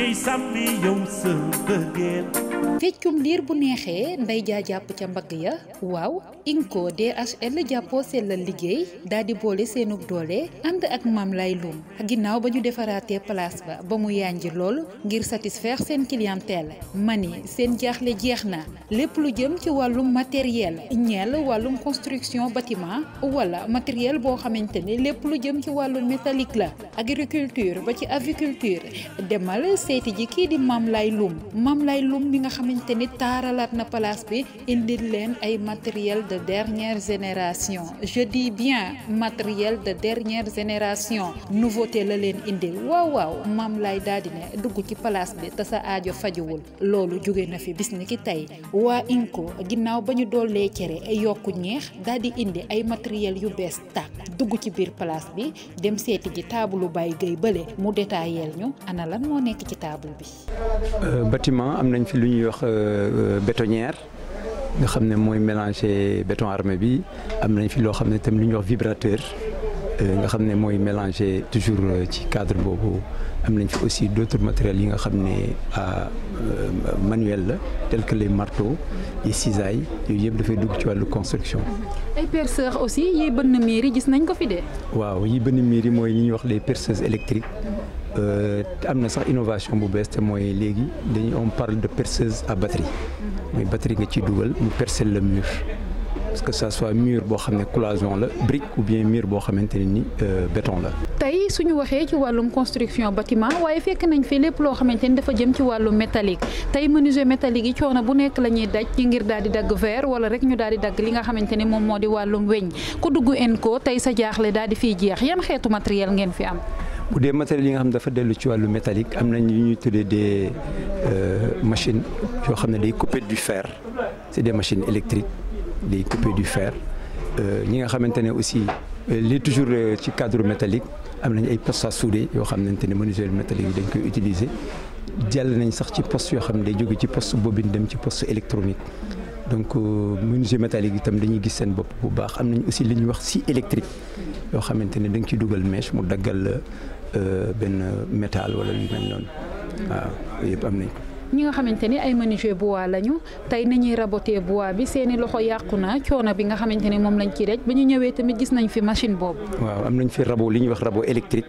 Ninguém sabe onde se begin feccum dir bu nexé nday ja japp ca mbag ya waw inko dhl jappo sel liggey daal di boole ak mam lay lum ginnaw bañu défaraté place ba ba mu yànji ngir satisfaire sen clientèle mani sen jaxlé jeex lepp lu jëm ci walum matériel ñeel walum construction bâtiment wala matériel bo xamante lepp lu jëm ci walum métallique la agriculture ba ci aviculture demal séti ji ki di mam lay lum mam lay lum mi nga nga xamante ni taaralaat na place bi indil leen ay matériel de dernière génération je dis bien matériel de dernière génération nouveauté la leen indil waaw waaw maam lay daal di ne dugg ci place bi te sa aajo fajuwul loolu jóge na fi bis ni ki tey waa INCO ginnaaw ba ñu doolee cere yokk ñeex daal di indi ay matériel yu bees tàkk dugg ci biir place bi dem seeti ji taabulu Baye Gueye bële mu détailleel ñu ana lan moo nekk ci table bi euh, bâtiment am nañ fi lu ñuy ñuy euh, euh, bétonnière nga avons ne mélanger béton armé bi am nañ fi lo xamné tam liñ wax vibrateur euh, nga xamné moy mélanger toujours ci cadre bobu am nañ fi aussi d'autres matériels yi nga xamné ne manuel la tel que les marteaux les cisailles yooyu da fay dugg ci walu construction. ay perceurs aussi yi bënn miir gis nañ ko fi dé waaw yi bënn miir moy mooy wax les perceuses électriques. Euh, am sax innovation bu bees te dañuy on parle de perceuse à batterie mhm. mooy batterie nga ciy dugal mu percer le mur parce que ça soit mur bo xamné cloison la brique ou bien mur bo xamné ni euh, béton la. tay suñu waxé ci walum construction bâtiment waye fekk nañ fi lépp lo xamné ni dafa jëm ci walum métallique tay menuisier métallique ci coono bu nek la ñuy daj ci ngir daal di dagg verre wala rek ñu daldi di dagg li nga xamné ni mom modi walum wàllum weñ ku dugg en sa jaaxle daldi fiy jeex yan xétu matériel ngeen fi am. Pour des matériaux yi nga xam ne dafa dellu ci wàllu métallique am nañ yu ñuy tuddee des euh, machines yoo xam ne day couper du fer c'est des machines électriques des couper du fer euh, ñi nga xamante ne aussi euh, lii toujours ci cadre métallique am nañ ay postes à souder yoo xamante ne menuisier métallique yi dañ koy utiliser jàll nañ sax ci poste yoo xam ne day jóge ci poste bobine dem ci poste électronique donc menuisier métallique itam dañuy gis seen bopp bu baax am aussi li ñuy wax scie électrique yoo xamante ne da nga ci dugal mèche mu daggal Euh, benn métal wala lu mel noonu waaw yëpp am nañ ko. ñi nga xamante ni ay menuisier bois lañu tey nañuy raboter bois bi seeni loxo yàqu na coono bi nga xamante ni moom lañ ciy rek ba ñu ñëwee tamit gis nañ fi machine boobu. waaw am nañ fi rabo li ñuy wax rabo électrique.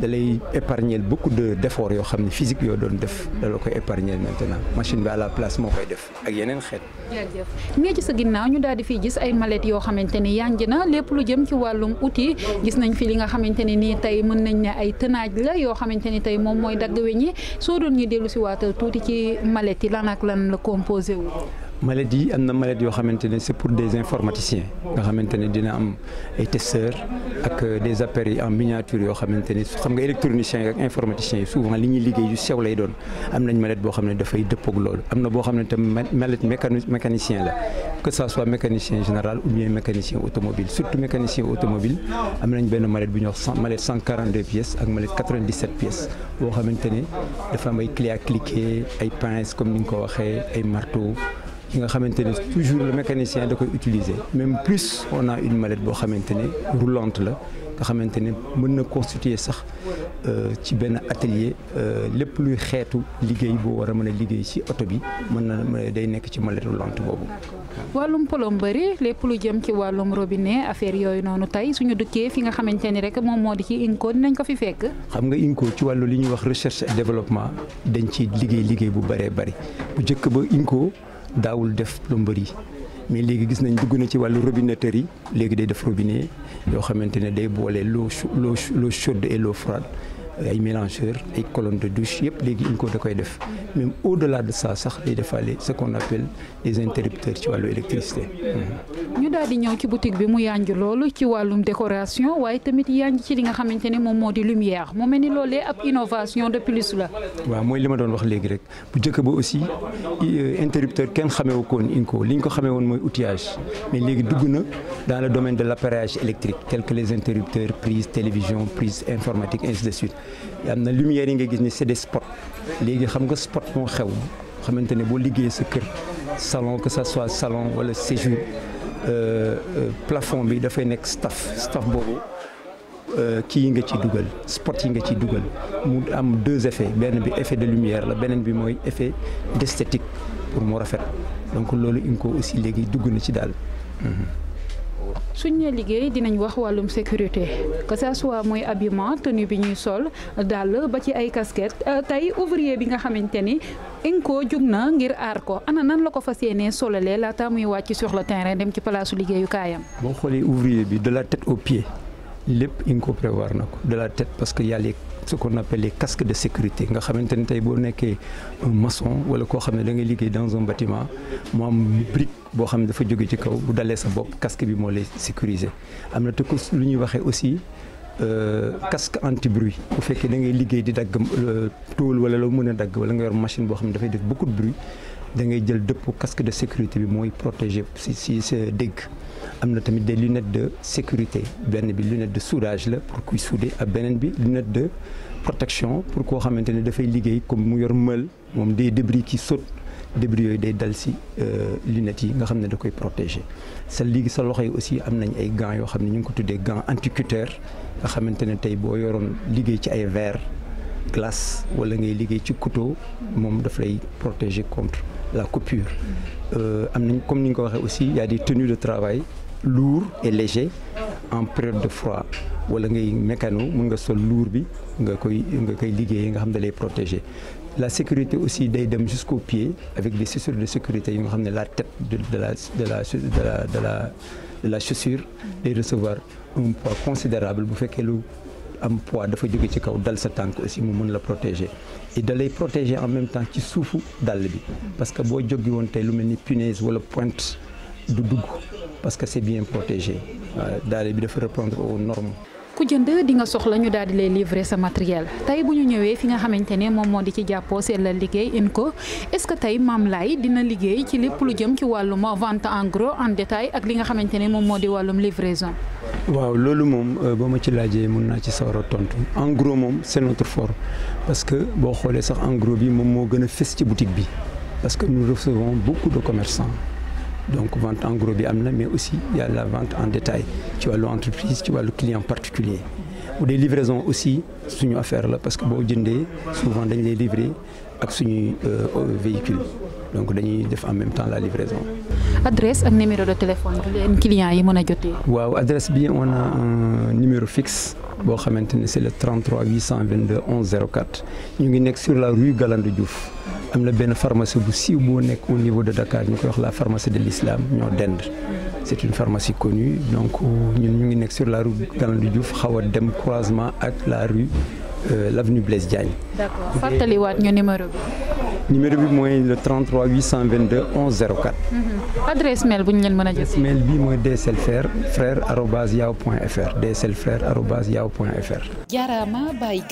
da lay épargner beaucoup de yoo xam ne physique yoo doon def da la koy épargner maintenant machine bi à la place moo koy def ak yeneen xeet. jërëjëf ci sa ginnaaw ñu daal di fiy gis ay mallette yoo xamante ni yànj na lépp lu jëm ci wàllum outil gis nañ fi li nga xamante ni nii tey mën nañ ne ay tënaaj la yoo xamante ni tey moom mooy dagg weñ yi soo doon ñuy dellu si waatal tuuti ci mallette yi lan ak lan la composé wu. maladie yi am na maladie yoo xamante c'est pour des informaticiens nga xamante dina am ay testeurs ak des appareils en miniature yo xamante xam nga électroniciens ak informaticiens souvent li ñuy liggéey yu sew lay doon am nañ maladie boo da fay depp ak lool am na boo xam tam maladie mécanicien la que ça soit mécanicien général ou bien mécanicien automobile surtout mécanicien automobile am nañ benn maladie bu ñuy wax maladie 142 pièces ak maladie 97 pièces bo xamante da fa may clé à cliquer ay pinces comme niñ ko waxé ay marteau nga xamante toujours le mécanicien da koy utiliser même plus on a une mallette boo xamante roulante la nga xamante ne mën na constituer sax euh, ci benn atelier euh, le luy près liggéey boo on a mën a liggéey ci oto bi mën na day nekk ci mallette roulante boobu. wàllum plomberie lepp lu jëm ci walum robinet affaire yoy noonu tay suñu dëkkee fi nga xamanteni rek mom modi ci INCO dinañ ko fi fekk. xam nga INCO ci walu li ñu wax recherche et développement dañ ci liggéey liggéey bu bëree bëri bu njëkk ba INCO. D'aul def plomberie mais les gis nañ dugg ci robinetterie day def robinet day l'eau chaude et l'eau froide ay mélangeurs ay colonnes de douche yépp léegi INCO da koy def même au delà de ça sax day defaale ce qu'on appelle les interrupteurs ci wàllu électricité. Hmm. ñu daal di ñëw ci boutique bi mu yànj loolu ci wàllum décoration waaye tamit yànj ci li nga xamante ne moom moo lumière mu mel ni loolee ab innovation de plus la. waaw mooy li ma doon wax léegi rek bu ba aussi euh, interrupteur kenn xamewu ko woon INCO li ñu ko xamee woon mooy outillage mais léegi dugg dans le domaine de l'appareillage électrique tel que les interrupteurs prises télévision prises informatique ainsi de suite am na lumière yi nga gis ni c'est des spots léegi xam nga spot moo xew xamante ne boo liggéeyee sa kër salon que ça soit salon wala séjour euh, euh, plafond bi dafay nekk staff staff boobu euh, kii yi nga ciy dugal spot yi nga ciy dugal mu am deux effets benn bi effet de lumière la beneen bi mooy effet d'esthétique pour mu rafet donc loolu inco aussi léegi dugg na ci daal. suñ ne liggéey dinañ wax wàllum sécurité que ça soit mooy habillement tenue bi ñuy sol dàll ba ci ay casquette euh, tey ouvrier bi nga xamante ni INCO jug na ngir aar ko ana nan la ko fas yéenee solalee laata muy wàcc sur le terrain dem ci palaasu liggéeyu kaayam. boo xoolee ouvrier bi de la tête aux pieds. lépp incorporer ko de la tête parce que y a les ce qu'on appelle les casques de sécurité nga xamante tay bo boo un maçon wala ko xamné da ngay liggéey dans un bâtiment mo am brique bo xamné ne dafa joggé ci kaw bu dalé sa bop casque bi mo lay sécuriser Amna tout ce lu ñuy waxé aussi euh, casque anti bruit bu fekkee da ngay liggéey di dagg euh, tool wala lo mëna dag wala nga yor machine bo xamné da fay def beaucoup de bruit da ngay jël depp casque de sécurité bi moy protéger si si sa dégg tamit des lunettes de sécurité benn bi lunette de soudage la pour kuy souder ak benen bi lunette de protection pour ko xamantene da fay liggéey comme mu yor mël mom des débris qui sautent débris yoy day dal si euh, lunettes yi nga xam da koy protéger sa léegi sa loxo aussi amnañ ay gants yo xam ñu ko tuddé gants anticutteurs nga xamantene tay bo yoron yoroon liggéey ci ay verre glace wala ngay liggéey ci couteau moom de frais protéger contre la coupure Euh, comme ni nga aussi il y a des tenues de travail lourds et légers en période de froid ou ngay mécano mun nga sol lourd bi nga koy nga koy liggéeyee nga xam protéger la sécurité aussi day dem jusqu'au pied avec des chaussures de sécurité yi nga la tête de la de la de la de la chaussure et recevoir un poids considérable vous bu que lu am poids dafa jóge ci kaw dal sa tank aussi mu mën la protéger et d'aller protéger en même temps ci suufu dal bi parce que bo jógi won tey lu melni punaise wala pointe du dugg parce que c'est bien protégé dal bi dafa répondre aux normes. ku jënd di nga soxla ñu daal di lay livrer sa matériel tey bu ñu ñëwee fi nga xamante ne moom moo di ci jàppoo seen la liggéey INCO est-ce que tey Mame Laye dina liggéey ci lépp lu jëm ci wàllum vente en gros en détail ak li nga xamante ne moom moo di wàllum livraison. Euh, en gros c'est notre fort parce que en gros parce que nous recevons beaucoup de commerçants donc vente en gros mais aussi il y a la vente en détail tu vois l'entreprise, tu vois le client particulier ou des livraisons aussi une affaire là parce que souvent dañ les livrer avec suñuy euh, véhicule donc dañuy def en même temps la livraison adresse ak numéro de téléphone qui leen client yi mën a adresse bi on a un numéro fixe boo xamante ne le 33 822 1104. Nous sommes ngi sur la rue Galandou Diouf am na pharmacie bu au niveau de Dakar Nous koy la pharmacie de l'Islam, c'est une pharmacie connue donc ñun ñu sur la rue Galandou Diouf xaw a dem croisement ak la rue euh, l'avenue Blaise Diagne. d' accord fàttaliwaat ñu numéro bi numéro bi moy le 33 822 11 adresse mail bu ñu mëna mën mail bi moy dslfrère frère arobase yahoo point fr Baye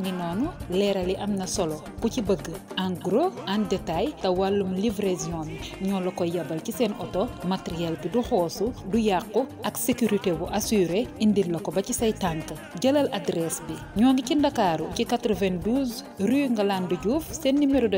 ngi noonu leeral solo ku ci bëgg en gros en détail ta walum livraison bi ñoo la koy yabal ci seen auto matériel bi du xoosu du yàqu ak sécurité bu assuré indil la ko ba ci say tank jëlal adresse bi ñoo ngi ci Dakar, ci 92 rue Ngalande Diouf seen numéro de